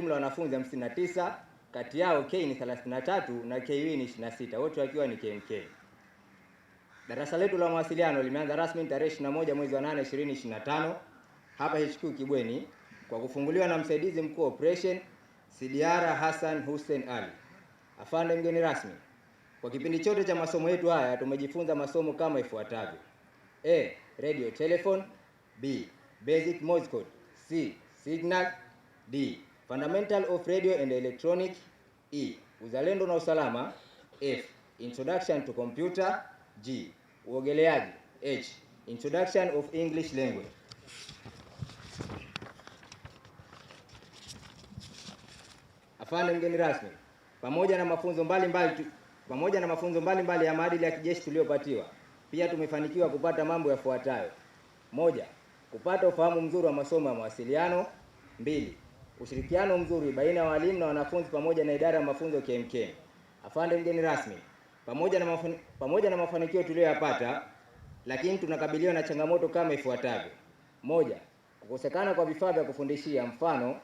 jumla wanafunzi 59, kati yao K ni 33 na KU ni 26, wote wakiwa ni KMK. Darasa letu la mawasiliano limeanza rasmi tarehe 21 mwezi wa 8 2025 hapa HQ Kibweni kwa kufunguliwa na msaidizi mkuu operation Sidiara Hassan Hussein Ali. Afande mgeni rasmi, kwa kipindi chote cha masomo yetu haya tumejifunza masomo kama ifuatavyo: A. Radio telephone B. Basic Morse code C. Signal D. Fundamental of Radio and Electronic E. Uzalendo na usalama F. Introduction to Computer G. Uogeleaji H. Introduction of English Language. Afande mgeni rasmi, pamoja na mafunzo mbalimbali mbali, pamoja na mafunzo mbalimbali ya maadili ya kijeshi tuliyopatiwa, pia tumefanikiwa kupata mambo yafuatayo: moja, kupata ufahamu mzuri wa masomo ya mawasiliano; mbili, ushirikiano mzuri baina ya walimu na wanafunzi pamoja na idara ya mafunzo KMK. Afande mgeni rasmi, pamoja na mafan, pamoja na mafanikio tuliyoyapata, lakini tunakabiliwa na changamoto kama ifuatavyo: moja, kukosekana kwa vifaa vya kufundishia mfano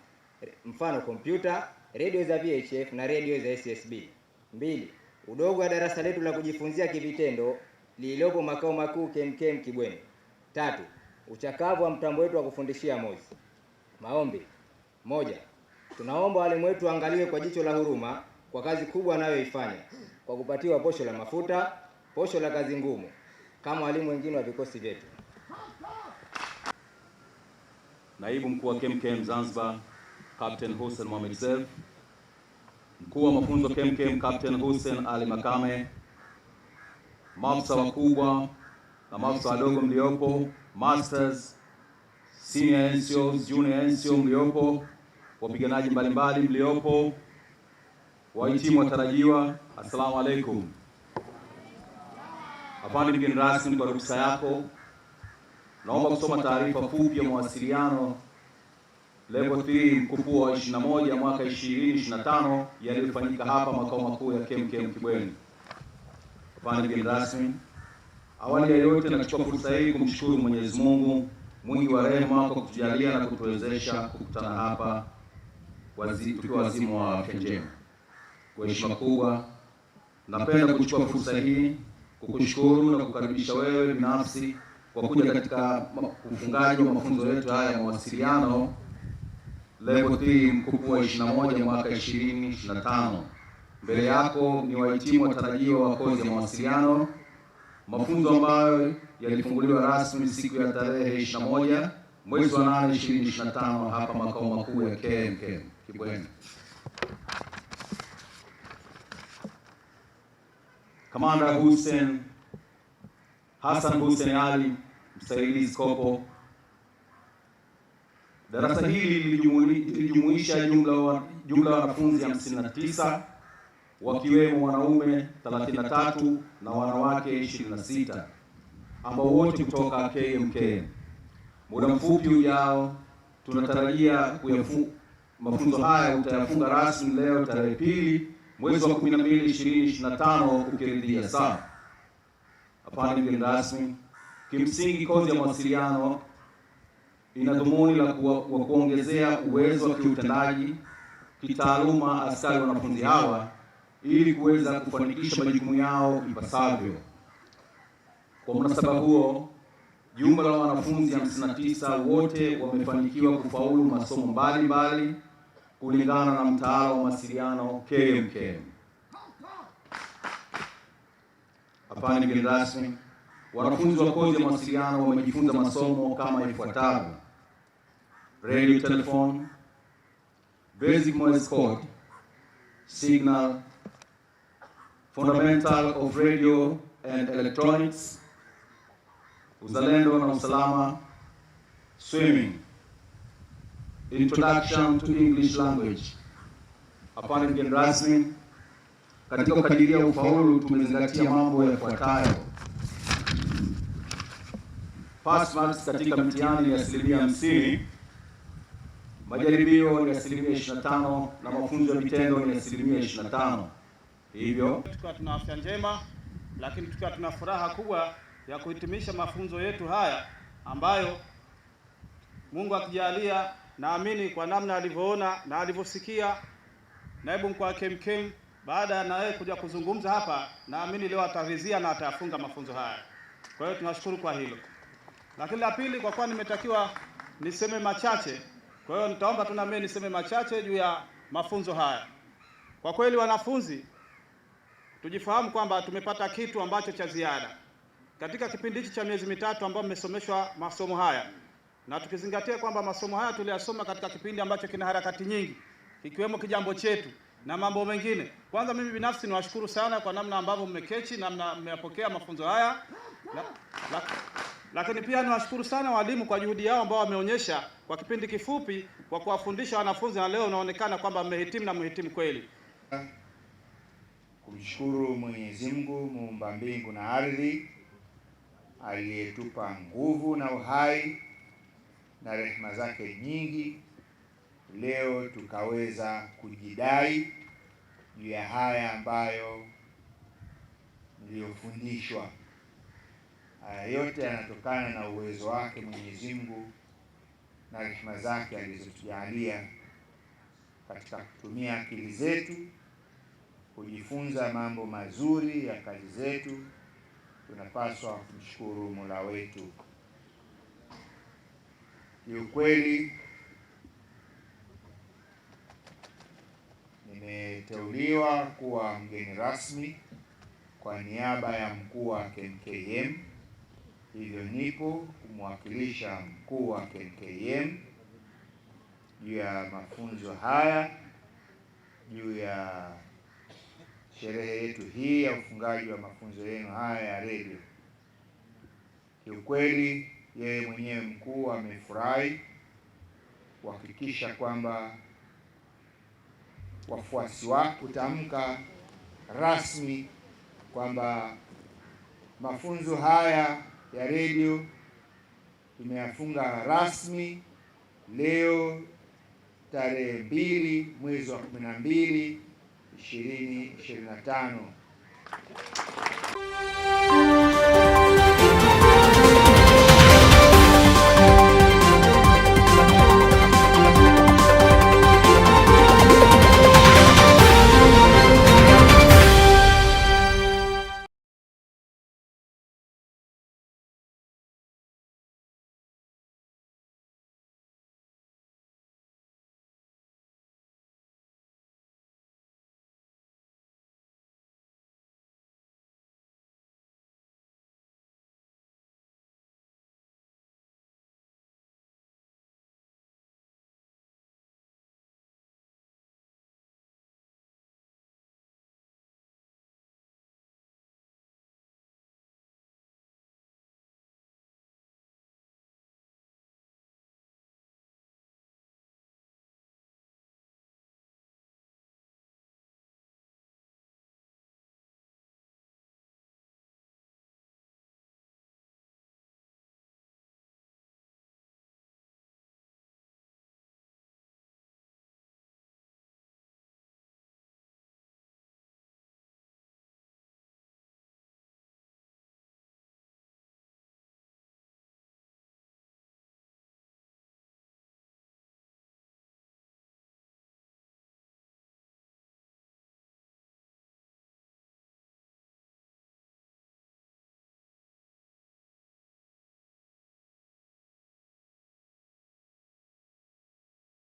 mfano kompyuta, redio za VHF na redio za SSB. Mbili, udogo wa darasa letu la kujifunzia kivitendo lililopo makao makuu KMK Kibweni. Tatu, uchakavu wa mtambo wetu wa kufundishia mozi. Maombi moja, tunaomba walimu wetu waangaliwe kwa jicho la huruma kwa kazi kubwa anayoifanya kwa kupatiwa posho la mafuta, posho la kazi ngumu kama walimu wengine wa vikosi vyetu. Naibu mkuu wa KMKM Zanzibar Captain Hussein Mohamed Zev, mkuu wa mafunzo KMKM Captain Hussein Ali Makame, maafisa wakubwa na maafisa wadogo mliopo, masters, senior NCOs, junior NCO mliopo wapiganaji mbalimbali mliopo, wahitimu watarajiwa, assalamu alaikum. Afande mgeni rasmi, kwa ruhusa yako naomba kusoma taarifa fupi ya mawasiliano level 3 mkupuo wa 21 mwaka 2025 yaliyofanyika hapa makao makuu ya KMKM Kibweni. Afande mgeni rasmi, awali ya yote nachukua fursa hii kumshukuru Mwenyezi Mungu mwingi wa rehema kwa kutujalia na kutuwezesha kukutana hapa tukiwa wazimu wa afya njema. Kwa heshima kubwa, napenda kuchukua fursa hii kukushukuru na kukaribisha wewe binafsi kwa kuja katika ufungaji wa mafunzo yetu haya ya mawasiliano level mkupu wa 21 mwaka 2025. Mbele yako ni wahitimu watarajiwa wa kozi ya mawasiliano, mafunzo ambayo yalifunguliwa rasmi siku ya tarehe 21 mwezi wa 8 2025 hapa makao makuu ya KMKM bueno. Kamanda Hussein Hassan Hussein Ali, msaidizi Kopo. Darasa hili lilijumuisha jumla ya wanafunzi 59 wakiwemo wanaume 33 na wanawake 26 ambao wote kutoka KMK. Muda mfupi ujao tunatarajia kuyafu Mafunzo haya utayafunga rasmi leo tarehe pili mwezi wa 12 2025, ukiridhia sawa. Hapana, mgeni rasmi, kimsingi kozi ya mawasiliano ina dhumuni la kuongezea uwezo wa kiutendaji kitaaluma askari wanafunzi hawa ili kuweza kufanikisha majukumu yao ipasavyo. Kwa mnasaba huo, jumla la wanafunzi 59 wote wamefanikiwa kufaulu masomo mbalimbali kulingana na mtaala wa mawasiliano KMKM. Hapana, mgeni rasmi, wanafunzi wa kozi ya mawasiliano wamejifunza masomo kama ifuatavyo: radio telephone, basic Morse code, signal, fundamental of radio and electronics, uzalendo na usalama, swimming Introduction to English language. Hapana mgeni rasmi, katika kukadiria ufaulu tumezingatia mambo yafuatayo: pass marks katika mtihani ni asilimia 50 majaribio ni asilimia 25 na mafunzo ya vitendo ni asilimia 25 Hivyo tukiwa tuna afya njema, lakini tukiwa tuna furaha kubwa ya kuhitimisha mafunzo yetu haya ambayo Mungu akijalia naamini kwa namna alivyoona na alivyosikia naibu mkuu wa KMKM baada na yeye kuja kuzungumza hapa, naamini leo atavizia na atayafunga mafunzo haya. Kwa hiyo tunashukuru kwa hilo. Lakini la pili, kwa kuwa nimetakiwa niseme machache, kwa hiyo nitaomba tu na mimi niseme machache juu ya mafunzo haya. Kwa kweli, wanafunzi tujifahamu kwamba tumepata kitu ambacho cha ziada katika kipindi hichi cha miezi mitatu ambayo mmesomeshwa masomo haya na tukizingatia kwamba masomo haya tuliyasoma katika kipindi ambacho kina harakati nyingi, ikiwemo kijambo chetu na mambo mengine. Kwanza mimi binafsi niwashukuru sana kwa namna ambavyo mmekechi na mmeyapokea mafunzo haya la, la, lakini pia niwashukuru sana walimu kwa juhudi yao ambao wameonyesha kwa kipindi kifupi kwa kuwafundisha wanafunzi, na leo unaonekana kwamba mmehitimu na mhitimu kweli. Kumshukuru Mwenyezi Mungu muumba mbingu na ardhi aliyetupa nguvu na uhai na rehema zake nyingi, leo tukaweza kujidai juu ya haya ambayo niliyofundishwa. Haya yote yanatokana na uwezo wake Mwenyezi Mungu na rehema zake alizotujalia katika kutumia akili zetu kujifunza mambo mazuri ya kazi zetu. Tunapaswa kumshukuru Mola wetu. Ni ukweli nimeteuliwa kuwa mgeni rasmi kwa niaba ya mkuu wa KMKM, hivyo nipo kumwakilisha mkuu wa KMKM juu ya mafunzo haya juu ya sherehe yetu hii ya ufungaji wa mafunzo yenu haya ya redio. Kiukweli yeye mwenyewe mkuu amefurahi kuhakikisha kwamba wafuasi wake kutamka rasmi kwamba mafunzo haya ya redio tumeyafunga rasmi leo tarehe mbili mwezi wa 12 2025.